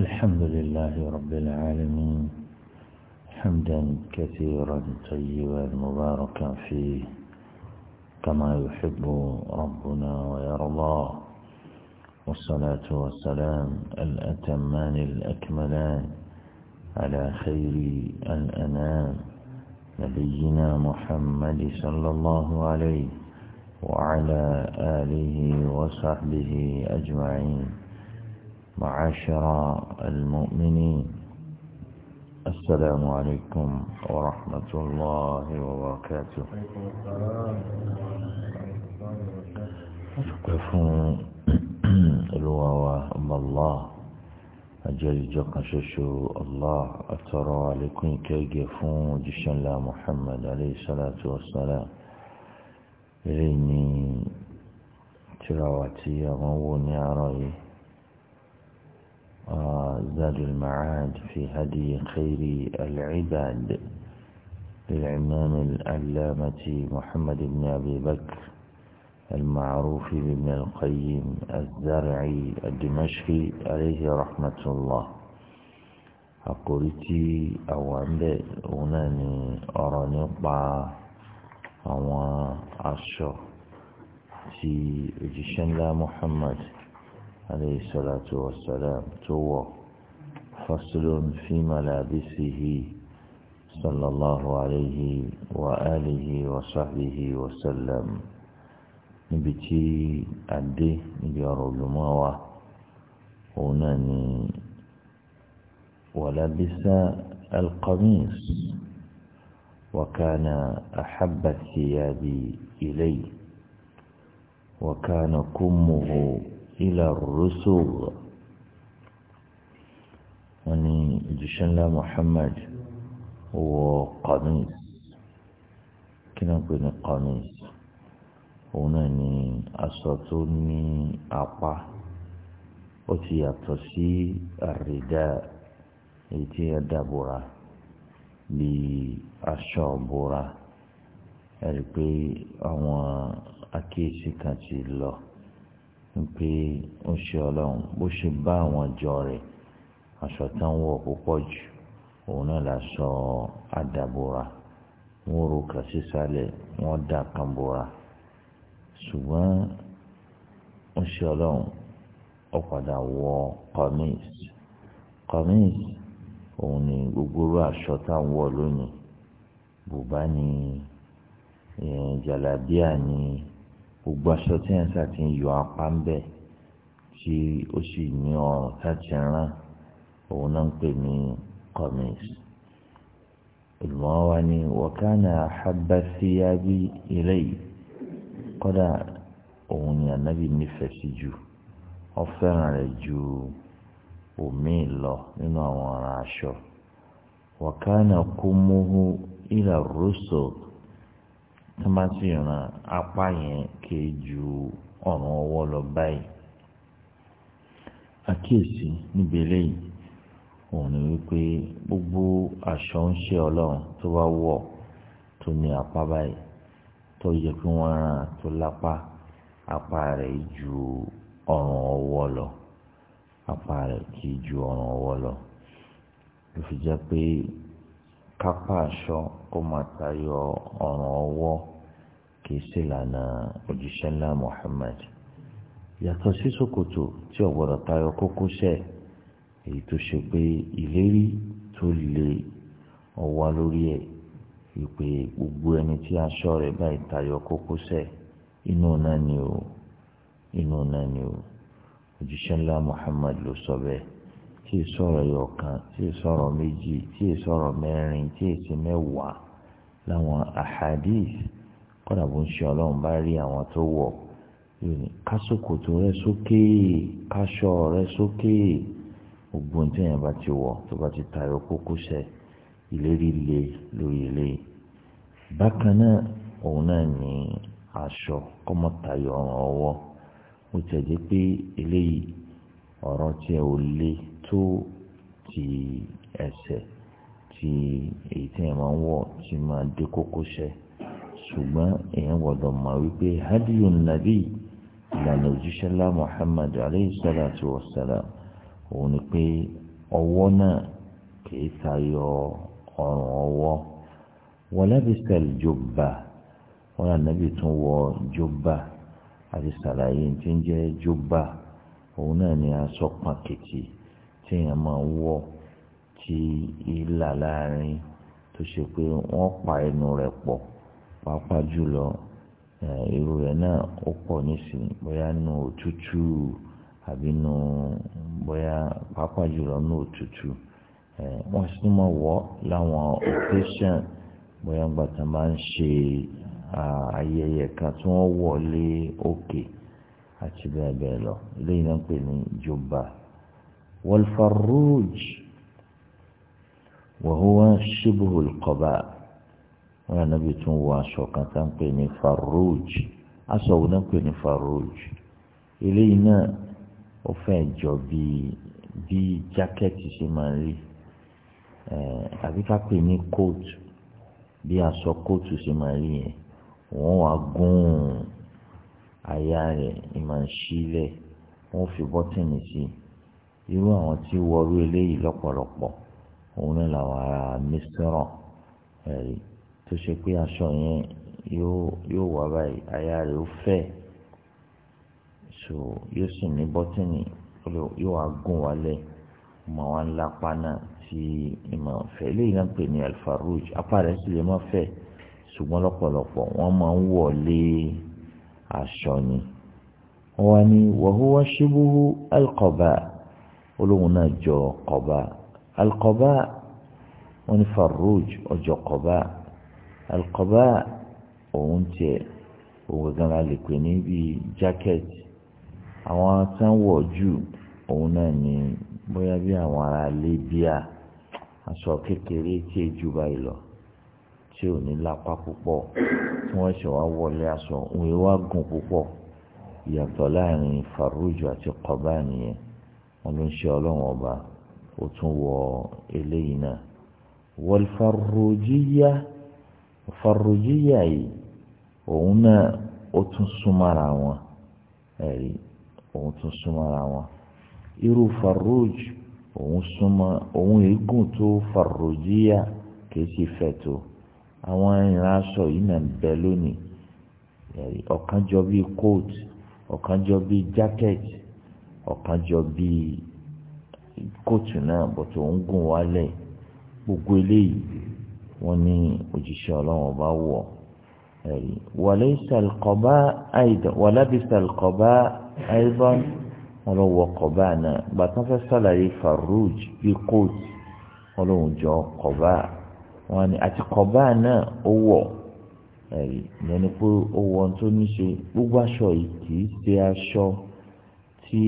الحمد لله رب العالمين حمدا كثيرا طيبا مباركا فيه كما يحب ربنا ويرضى والصلاة والسلام الأتمان الأكملان على خير الأنام نبينا محمد صلى الله عليه وعلى آله وصحبه أجمعين معاشر المؤمنين السلام عليكم ورحمة الله وبركاته شكفوا الواوى أما الله أجل جقششوا الله أترى لكم كي يفون جشن لا محمد عليه الصلاة والسلام إليني تراواتي غوني عرائي وزاد المعاد في هدي خير العباد للعمام الألامة محمد بن أبي بكر المعروف بابن القيم الزرعي الدمشقي عليه رحمة الله أقولتي أو àwọn أناني òun náà أو ọ̀rọ̀ nípa àwọn aṣọ محمد عليه الصلاة والسلام توه فصل في ملابسه صلى الله عليه وآله وصحبه وسلم نبتي عدي نبيار الماوة ونني ولبس القميص وكان أحب الثياب إليه وكان كمه إلى الرسول يعني جشن محمد وقميص كنا بين قميص هنا ني أسطوني أبا وتي أتسي الرداء إتي أدبرا بأشعبرا ẹ̀rí pé àwọn akéèsì kan pé ó ṣe ọlọ́run bó ṣe bá àwọn ìjọ rẹ̀ aṣọ tán wọ̀ púpọ̀ jù òun náà láṣọ àdàbòrà wọ́n ro kà sísàlẹ̀ wọ́n dà kan bòrà ṣùgbọ́n ó ṣe ọlọ́run ó padà wọ kọ́míìs kọ́míìs òun ni gbogbo aṣọ táwọn wọ̀ lónìí bùbá ni jàlábíà ni gbogbo aṣọ tí yẹn sá ti ń yọ apá ń bẹ̀ tí ó sì ní ọrùn láti rán òun náà ń pè ní kọ́mìs. ìmọ̀ wa ni wọ̀kánà àhábàṣíyábí ilé kọ́dà òun ni ànábì nífẹ̀ẹ́ sí jù ó fẹ́ràn rẹ̀ ju omi lọ nínú àwọn ará aṣọ wọ̀kánà kúmúhú ìlà rúṣọ̀tù tó bá sì ràn apá yẹn kéé ju ọ̀rùn ọwọ́ lọ báyìí àkíyèsí níbi eléyìí òun ni wípé gbogbo aṣọ ń ṣe ọlọ́run tó bá wọ̀ tó ní apá báyìí tó yẹ kí wọ́n ràn tó lápá apá rẹ̀ ju ọ̀rùn ọwọ́ lọ apá rẹ̀ kì ju ọ̀rùn ọwọ́ lọ ló fi jẹ́ pé kápá aṣọ kó máa tayọ ọ̀ràn ọwọ́ kìí sí ìlànà òjíṣẹ́ ńlá Muhammad yàtọ̀ sí ṣòkòtò tí ò gbọ́dọ̀ tayọ kókósẹ̀ èyí tó ṣe pé ìlérí tó le ọwọ́ lórí ẹ̀ ìpè gbogbo ẹni tí aṣọ rẹ̀ báyìí tayọ kókósẹ̀ inú náà ni o inú náà ni o òjíṣẹ́ ńlá Muhammad ló tí sọ̀rọ̀ yọ̀kan tí sọ̀rọ̀ méjì tí sọ̀rọ̀ mẹ́rin tí ì mẹ́wàá láwọn ahadith kọ́dà bó ń ṣe ọlọ́run bá rí àwọn tó wọ̀ kásòkòtò rẹ sókè káṣọ rẹ sókè gbogbo ní tẹ̀yìn bá ti wọ̀ tó bá ti tayọ kókósẹ̀ ìlérí le lórí ilé bákan náà òun náà ní aṣọ kọ́mọ tayọ ọ̀ràn ọwọ́ ó tẹ̀lé pé eléyìí ọ̀rọ̀ tiẹ̀ ò le tó ti ẹsẹ̀ ti èyí tí èèyàn máa ń wọ̀ tí máa dé kókósẹ̀ ṣùgbọ́n èèyàn gbọ́dọ̀ mọ̀ wípé hadiyu nabi ìlànà òjíṣẹ́ lá muhammad aleyhi salatu wa salam òun ni pé ọwọ́ náà kìí tayọ ọrùn ọwọ́ wọlébìsẹ̀l jùbà wọn ànábì tún wọ jùbà àti sàlàyé tí ń jẹ́ jùbà òun náà ni aṣọ pàkìtì téèyàn máa wọ̀ tí ìlà láàrin tó ṣe pé wọ́n pa ẹnu rẹ̀ pọ̀ pàápàá jùlọ irú rẹ̀ náà ó pọ̀ nísìnyí bóyá nù òtútù àbí nù bóyá pàápàá jùlọ nù òtútù wọ́n sì máa wọ̀ láwọn occasion bóyá gbàtà máa ń ṣe ayẹyẹ kan tí wọ́n wọ̀ lé òkè àti bẹ́ẹ̀ bẹ́ẹ̀ lọ lẹ́yìn náà pè ní jùbà. والفروج وهو شبه القباء النبي تنوى شوكا تنقيني فروج أصو ننقيني فروج إلينا أفنجو جوبي بي جاكيتي سيمانري àbí ká pè ní kóòtù bí aṣọ kóòtù ṣe máa rí yẹn wọ́n wá gún àyà rẹ̀ ìmọ̀ sílẹ̀ wọ́n fi bọ́tìnì sí i irú àwọn tí wọrú eléyìí lọ́pọ̀lọpọ̀ òun náà làwọn ará mísírọ̀ ẹ̀rí tó ṣe pé aṣọ yẹn yóò wà báyìí aya rẹ̀ ó fẹ̀ so yóò sì ní bọ́tìnì yóò wá gùn wálẹ̀ ọmọ wa ń lápá náà tí ìmọ̀ ọ̀fẹ́ eléyìí náà pè ní alfarouj apá rẹ̀ sì lè má fẹ̀ ṣùgbọ́n lọ́pọ̀lọpọ̀ wọ́n máa ń wọ̀ aṣọ ni wọ́n ní wàhúwá ṣubú alkọ̀bá olóhùn náà jọ kọba alkọba wọn ní farouj ọjọ kọba alkọba òun tiẹ òun gangan la lè pè ní bíi jacket àwọn sanwó jù òun náà ní bóyá bí àwọn ará libya aṣọ kékeré tí èjù báyìí lọ tí ò ní lápá púpọ̀ tí wọ́n ṣe wá wọlé aṣọ òun ìwà gùn púpọ̀ ìyàtọ̀ láàrin farouj àti kọba nìyẹn wọn ló ń ṣe ọlọ́run ọba ó tún wọ eléyìí náà wal farrujiya farrujiya yìí òun náà ó tún súnmọ́ra wọn ẹ̀rí òun tún súnmọ́ra wọn irú farruj òun súnmọ́ òun eégún tó farrujiya kìí sì fẹ̀ tó àwọn ìran aṣọ yìí náà bẹ lónìí ọ̀kan jọ bíi coat ọ̀kan jọ bíi jacket ọ̀kan jọ bíi kóòtù náà bọ̀tò ń gùn wálẹ̀ gbogbo eléyìí wọ́n ní òjíṣẹ́ ọlọ́run ọba wọ̀ ẹ̀rí wàlábí sàlùkọ́bá àìbọ́n wọn lọ wọ kọ́bá náà gbàtàn fẹ́ sàlàyé farouj bíi kóòtù wọn jọ kọ́bá wọn ni àti kọ́bá náà ó wọ̀ ẹ̀rí ìyẹn ni pé ó wọ tó ní ṣe gbogbo aṣọ yìí kì í ṣe aṣọ tí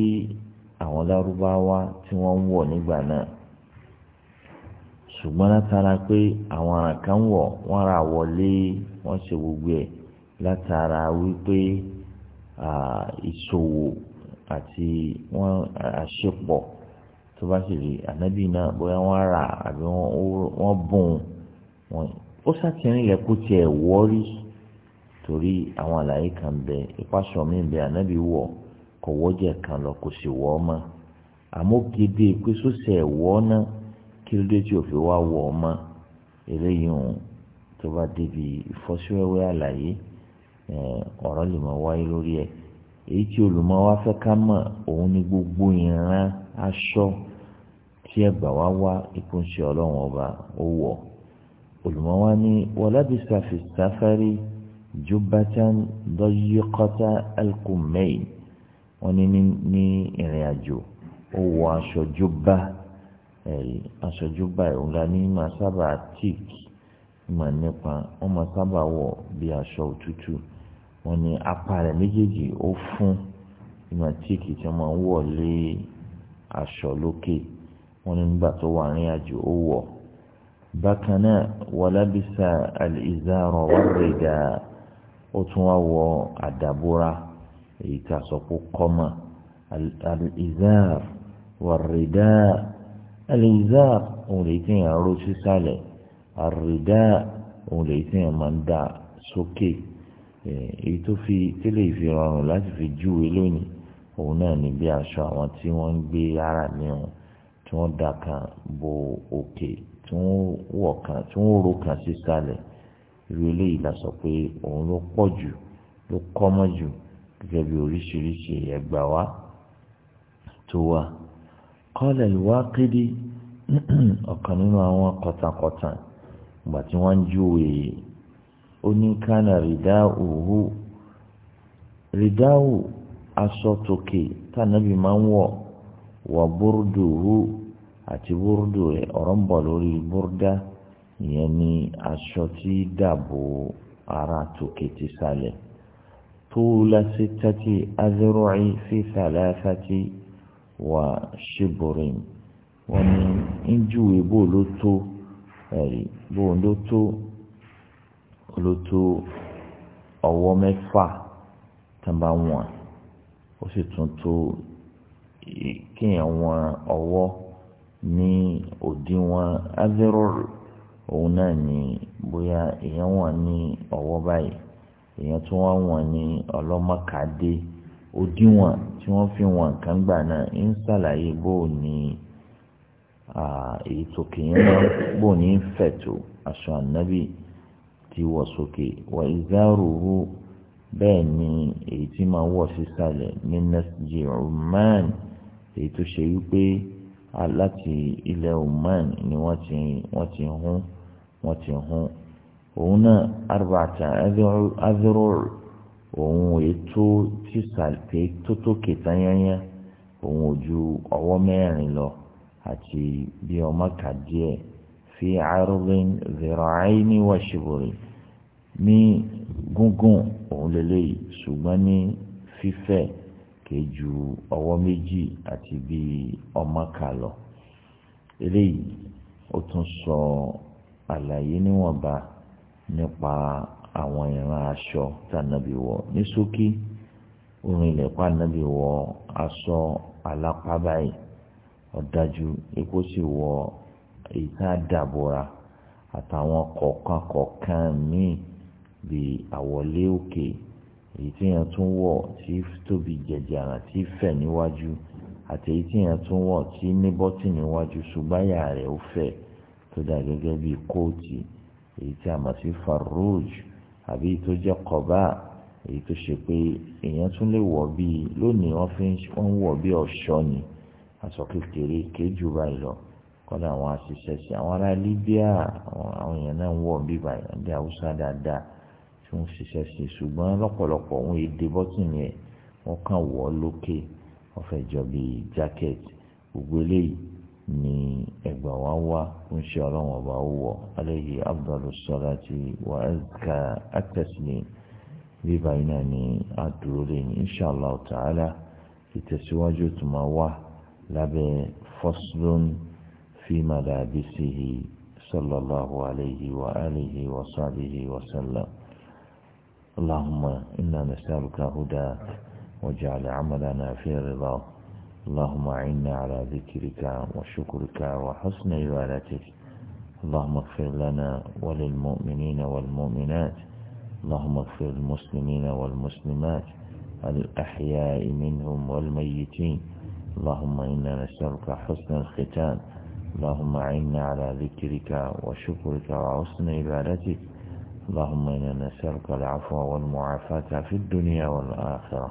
àwọn lárúbáwá tí wọ́n ń wọ̀ nígbà náà ṣùgbọ́n látara pé àwọn aràn kan wọ̀ wọ́n ra wọlé wọ́n ṣe gbogbo ẹ̀ látara wípé ìṣòwò àti wọ́n àṣepọ̀ tó bá sì rí ànábì náà bóyá wọ́n rà àbí wọ́n bùn wọn ó ṣàtìrìn ilẹ̀ kó tiẹ̀ wọ́rí torí àwọn àlàyé kan bẹ ipá sọ bẹ ànábì wọ̀ kò wọ́jẹ̀ kan lọ kò sì wọ́ ọmọ àmọ́ kéde pé sọ́sẹ̀ ẹ̀wọ́ náà kí ló dé tí o fi wá wọ ọmọ eléyìí hàn tó bá débi ìfọ́síwẹ́wẹ́ àlàyé ọ̀rọ̀ lè máa wáyé lórí ẹ̀ èyí tí olùmọ̀ wa ká mọ̀ òun ni gbogbo ìran aṣọ tí ẹgbà wá wá ìkúnṣe ọlọ́run ọba ó wọ̀ olùmọ̀ wa ní wọlábìsàfìsàfẹ́rí jubatan dọ́yíkọ́tà alkumain. wọ́n ní ní ìrìn àjò ó wọ aṣọ júbà aṣọ júbà ìwúra ní máa sábà tíìkì máa nípa wọ́n máa sábà wọ̀ bí aṣọ òtútù wọ́n ní apá rẹ̀ méjèèjì ó fún ìmọ̀ tíìkì tí wọ́n máa wọ̀ lé aṣọ lókè wọ́n ní nígbà tó wà ní àjò ó wọ̀ bákan náà wàlábísà àlìzáàrọ̀ wàlúwẹ̀dà ó èyí tá a sọ pé kọ́mà al-izar wàrídà al-izar òun lè ti yàn ró sísàlẹ̀ àrídà òun lè ti yàn máa ń dà sókè èyí tó fi tẹ́lẹ̀ ìfirọ̀rùn láti fi júwe lónìí òun náà ní bí aṣọ àwọn tí wọ́n ń gbé ara ní tí wọ́n dà kan bo òkè tí wọ́n wọ̀ kan tí wọ́n ro kan sísàlẹ̀ irú eléyìí la sọ pé òun ló pọ̀ jù ló kọ́mọ́ jù gẹ́gẹ́ bí oríṣiríṣi ẹgbà wá tó wà qala al-Waqidi ọ̀kan nínú àwọn kọ̀tàkọ̀tà ìgbà tí wọ́n ń júwe oníkànnà rìdáhùhù rìdáhù aṣọ tòkè tànàbí máa ń wọ̀ wà búrúdùhù àti búrúdù rẹ̀ ọ̀rọ̀ ń bọ̀ lórí búrúdà ìyẹn ni aṣọ tí dàbò ara tòkè ti sálẹ̀. طول ستة أذرع في ثلاثة وشبر ومن إنجوي بولوتو أري بولوتو بولوتو ọwọ́ mẹ́fà tàbá wọn ó sì tún tó kéèyàn wọn ọwọ́ ní òdiwọ̀n azerol òun náà ní bóyá èèyàn wọn ní ọwọ́ báyìí èèyàn tí wọ́n wọ̀n ní ọlọ́mọkàdé òdiwọ̀n tí wọ́n fi wọ̀n nǹkan gbà náà ń ṣàlàyé bó o ní èyí tó kìíyàn náà bó o ní fẹ̀tò aṣọ ànábì ti wọ̀ sókè wà ìzáròrò bẹ́ẹ̀ ni èyí tí máa wọ̀ sísàlẹ̀ ní nẹ́sìgì Oman èyí tó ṣe wípé láti ilẹ̀ Oman ni wọ́n ti hún wọ́n ti hún òun náà arba'ata adúrò òun ètò sísàlùkè tótókè tányányá òun ojú ọwọ́ mẹ́rin lọ àti bí ọmọ kà díẹ̀ fi arúgbìn zira'aini wa shiburi ní gúngún òun lélẹ́yìí ṣùgbọ́n ní fífẹ̀ kejú ọwọ́ méjì àti bí ọmọ kà lọ eléyìí ó tún sọ àlàyé níwọ̀nba. So, nípa àwọn ìran aṣọ tànàbí wọ ní ṣókí orin ilẹ̀kùn ànàbí wọ aṣọ alápábá yìí ọ̀dájú ikú sì wọ ìta dàbọ̀ra àtàwọn kọ̀ọ̀kan kọ̀ọ̀kan míì bíi àwọ̀lé òkè èyí tí yẹn tún wọ̀ tí tóbi jẹjẹrà tí fẹ̀ níwájú àti èyí tí yẹn tún wọ̀ tí ní bọ́tì níwájú ṣùgbáyà rẹ̀ ó fẹ̀ tó dà gẹ́gẹ́ bíi kóòtì èyí tí a mọ̀ sí farouj àbí tó jẹ́ kọ̀bá èyí tó ṣe pé èèyàn tún lè wọ̀ bíi lónìí wọ́n fi ń wọ̀ bíi ọ̀ṣọ́ ni aṣọ kékeré kéjù báyìí lọ kọ́dà àwọn àṣìṣe sí àwọn ará Libya àwọn èèyàn náà ń wọ̀ bíi báyìí ní Haúsá dáadáa tí wọ́n ṣiṣẹ́ sí ṣùgbọ́n lọ́pọ̀lọpọ̀ òun èdè bọ́tìnì ẹ̀ wọ́n kàn wọ̀ ọ́ lókè wọ́n fẹ́ jọ bíi jákẹ́ẹ̀tì gbogbo eléyìí ni ẹgbà wa wá ń ṣe ọlọ́run ọba wọ̀ alayhi afdalu salati wa azka at-taslim bíbá iná ni àdúró lè ní inshàlá ta'ala ìtẹ̀síwájú tó máa wá lábẹ́ faslun fi malabisihi sallallahu alayhi wa alihi wa sahbihi wa sallam. اللهم إنا نسألك هداك وجعل عملنا في رضاك اللهم أعنا على ذكرك وشكرك وحسن عبادتك اللهم اغفر لنا وللمؤمنين والمؤمنات اللهم اغفر للمسلمين والمسلمات الأحياء منهم والميتين اللهم إنا نسألك حسن الختام اللهم أعنا على ذكرك وشكرك وحسن عبادتك اللهم إنا نسألك العفو والمعافاة في الدنيا والآخرة